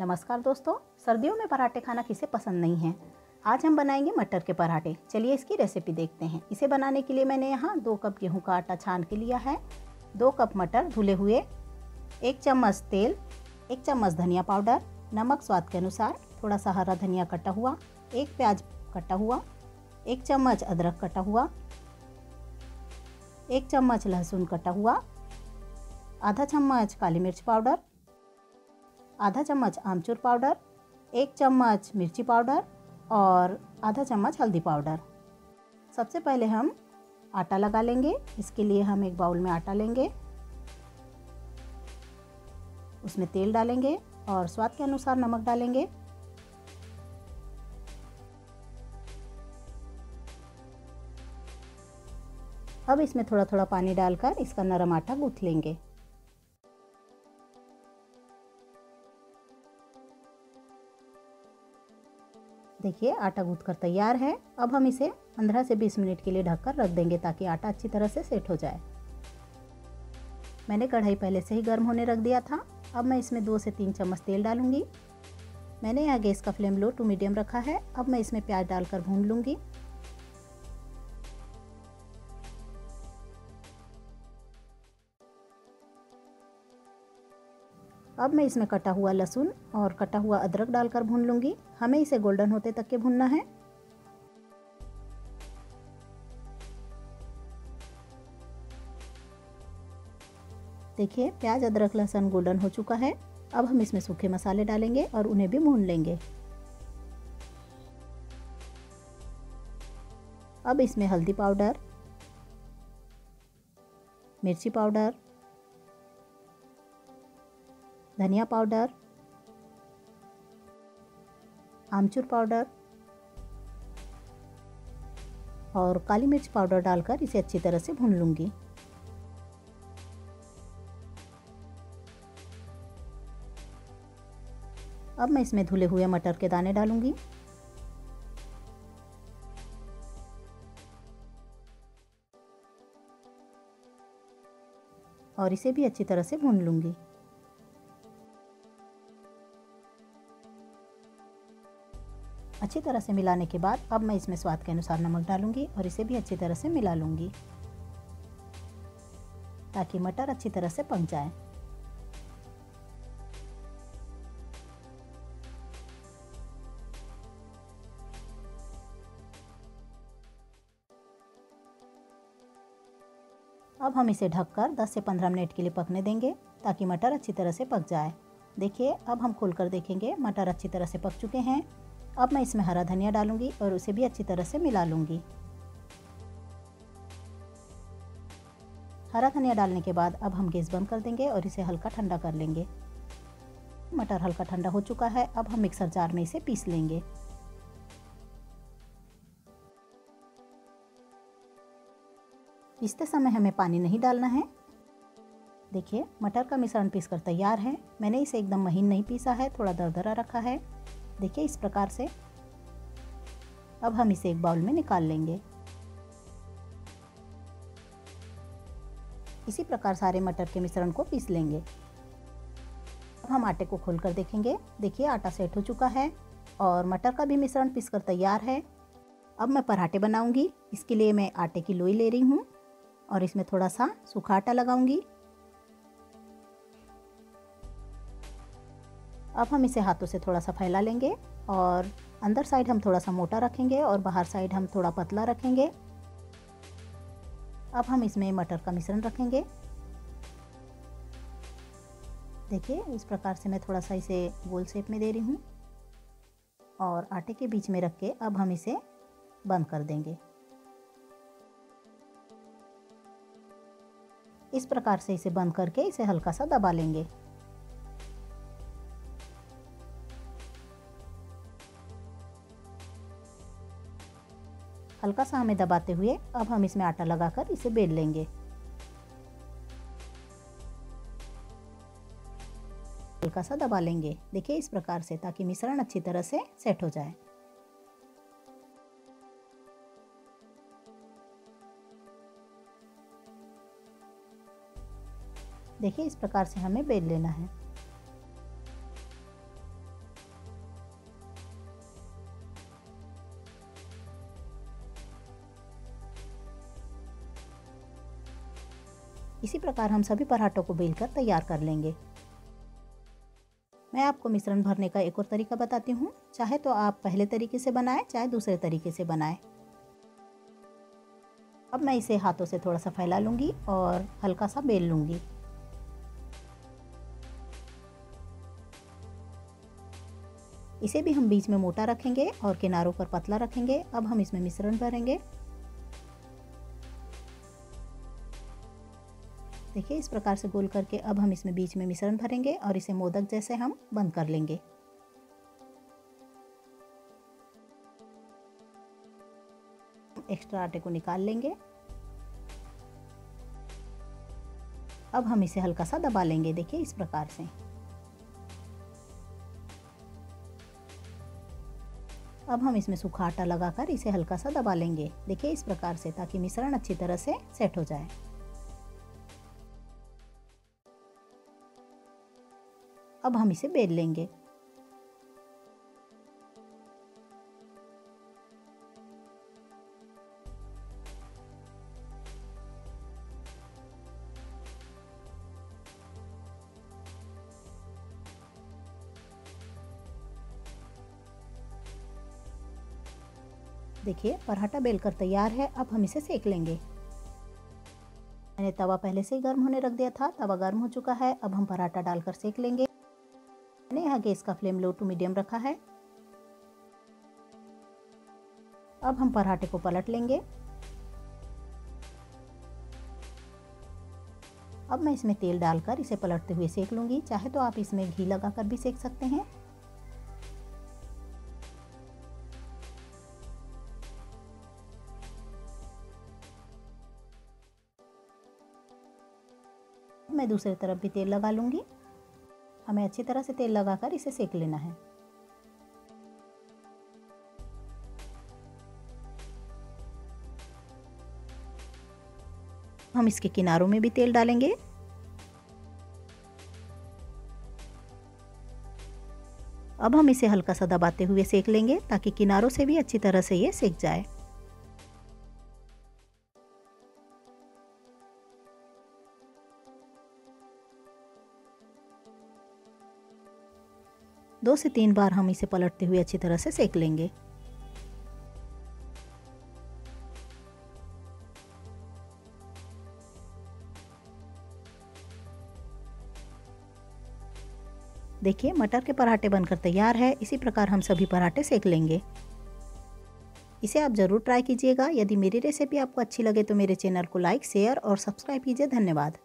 नमस्कार दोस्तों सर्दियों में पराठे खाना किसे पसंद नहीं है आज हम बनाएंगे मटर के पराठे चलिए इसकी रेसिपी देखते हैं इसे बनाने के लिए मैंने यहाँ दो कप गेहूं का आटा छान के लिया है दो कप मटर धुले हुए एक चम्मच तेल एक चम्मच धनिया पाउडर नमक स्वाद के अनुसार थोड़ा सा हरा धनिया कटा हुआ एक प्याज कटा हुआ एक चम्मच अदरक कटा हुआ एक चम्मच लहसुन कटा हुआ आधा चम्मच काली मिर्च पाउडर आधा चम्मच आमचूर पाउडर एक चम्मच मिर्ची पाउडर और आधा चम्मच हल्दी पाउडर सबसे पहले हम आटा लगा लेंगे इसके लिए हम एक बाउल में आटा लेंगे उसमें तेल डालेंगे और स्वाद के अनुसार नमक डालेंगे अब इसमें थोड़ा थोड़ा पानी डालकर इसका नरम आटा गूंथ लेंगे देखिए आटा गूंथ कर तैयार है अब हम इसे 15 से 20 मिनट के लिए ढककर रख देंगे ताकि आटा अच्छी तरह से सेट हो जाए मैंने कढ़ाई पहले से ही गर्म होने रख दिया था अब मैं इसमें दो से तीन चम्मच तेल डालूंगी मैंने यहाँ गैस का फ्लेम लो टू मीडियम रखा है अब मैं इसमें प्याज डालकर भून लूँगी अब मैं इसमें कटा हुआ लहसुन और कटा हुआ अदरक डालकर भून लूँगी हमें इसे गोल्डन होते तक के भूनना है देखिए प्याज अदरक लहसुन गोल्डन हो चुका है अब हम इसमें सूखे मसाले डालेंगे और उन्हें भी भून लेंगे अब इसमें हल्दी पाउडर मिर्ची पाउडर धनिया पाउडर आमचूर पाउडर और काली मिर्च पाउडर डालकर इसे अच्छी तरह से भून लूँगी अब मैं इसमें धुले हुए मटर के दाने डालूंगी और इसे भी अच्छी तरह से भून लूंगी अच्छी तरह से मिलाने के बाद अब मैं इसमें स्वाद के अनुसार नमक डालूंगी और इसे भी अच्छी तरह से मिला लूँगी ताकि मटर अच्छी तरह से पक जाए अब हम इसे ढककर 10 से 15 मिनट के लिए पकने देंगे ताकि मटर अच्छी तरह से पक जाए देखिए अब हम खोलकर देखेंगे मटर अच्छी तरह से पक चुके हैं अब मैं इसमें हरा धनिया डालूंगी और उसे भी अच्छी तरह से मिला लूंगी हरा धनिया डालने के बाद अब हम गैस बंद कर देंगे और इसे हल्का ठंडा कर लेंगे मटर हल्का ठंडा हो चुका है अब हम मिक्सर जार में इसे पीस लेंगे पीसते समय हमें पानी नहीं डालना है देखिए मटर का मिश्रण पीसकर तैयार है मैंने इसे एकदम महीन नहीं पीसा है थोड़ा दरदरा रखा है देखिए इस प्रकार से अब हम इसे एक बाउल में निकाल लेंगे इसी प्रकार सारे मटर के मिश्रण को पीस लेंगे अब हम आटे को खोलकर देखेंगे देखिए आटा सेट हो चुका है और मटर का भी मिश्रण पीसकर तैयार है अब मैं पराठे बनाऊंगी इसके लिए मैं आटे की लोई ले रही हूँ और इसमें थोड़ा सा सूखा आटा लगाऊंगी अब हम इसे हाथों से थोड़ा सा फैला लेंगे और अंदर साइड हम थोड़ा सा मोटा रखेंगे और बाहर साइड हम थोड़ा पतला रखेंगे अब हम इसमें मटर का मिश्रण रखेंगे देखिए इस प्रकार से मैं थोड़ा सा इसे गोल शेप में दे रही हूँ और आटे के बीच में रख के अब हम इसे बंद कर देंगे इस प्रकार से इसे बंद करके इसे हल्का सा दबा लेंगे हल्का सा हमें दबाते हुए अब हम इसमें आटा लगाकर इसे बेल लेंगे हल्का सा दबा लेंगे देखिए इस प्रकार से ताकि मिश्रण अच्छी तरह से सेट हो जाए देखिए इस प्रकार से हमें बेल लेना है इसी प्रकार हम सभी पराठों को बेलकर तैयार कर लेंगे मैं आपको मिश्रण भरने का एक और तरीका बताती हूँ चाहे तो आप पहले तरीके से बनाएं चाहे दूसरे तरीके से बनाएं अब मैं इसे हाथों से थोड़ा सा फैला लूँगी और हल्का सा बेल लूँगी इसे भी हम बीच में मोटा रखेंगे और किनारों पर पतला रखेंगे अब हम इसमें मिश्रण भरेंगे देखिए इस प्रकार से गोल करके अब हम इसमें बीच में मिश्रण भरेंगे और इसे मोदक जैसे हम बंद कर लेंगे एक्स्ट्रा आटे को निकाल लेंगे अब हम इसे हल्का सा दबा लेंगे देखिए इस प्रकार से अब हम इसमें सूखा आटा लगाकर इसे हल्का सा दबा लेंगे देखिए इस प्रकार से ताकि मिश्रण अच्छी तरह से सेट हो जाए अब हम इसे बेल लेंगे देखिए पराठा बेलकर तैयार है अब हम इसे सेक लेंगे मैंने तवा पहले से ही गर्म होने रख दिया था तवा गर्म हो चुका है अब हम पराठा डालकर सेक लेंगे है गैस का फ्लेम लो टू मीडियम रखा है अब हम पराठे को पलट लेंगे अब मैं इसमें तेल डालकर इसे पलटते हुए सेक लूंगी चाहे तो आप इसमें घी लगाकर भी सेक सकते हैं मैं दूसरी तरफ भी तेल लगा लूंगी हमें अच्छी तरह से तेल लगाकर इसे सेक लेना है हम इसके किनारों में भी तेल डालेंगे अब हम इसे हल्का सा दबाते हुए सेक लेंगे ताकि किनारों से भी अच्छी तरह से ये सेक जाए दो से तीन बार हम इसे पलटते हुए अच्छी तरह से सेक लेंगे देखिए मटर के पराठे बनकर तैयार है इसी प्रकार हम सभी पराठे सेक लेंगे इसे आप ज़रूर ट्राई कीजिएगा यदि मेरी रेसिपी आपको अच्छी लगे तो मेरे चैनल को लाइक शेयर और सब्सक्राइब कीजिए धन्यवाद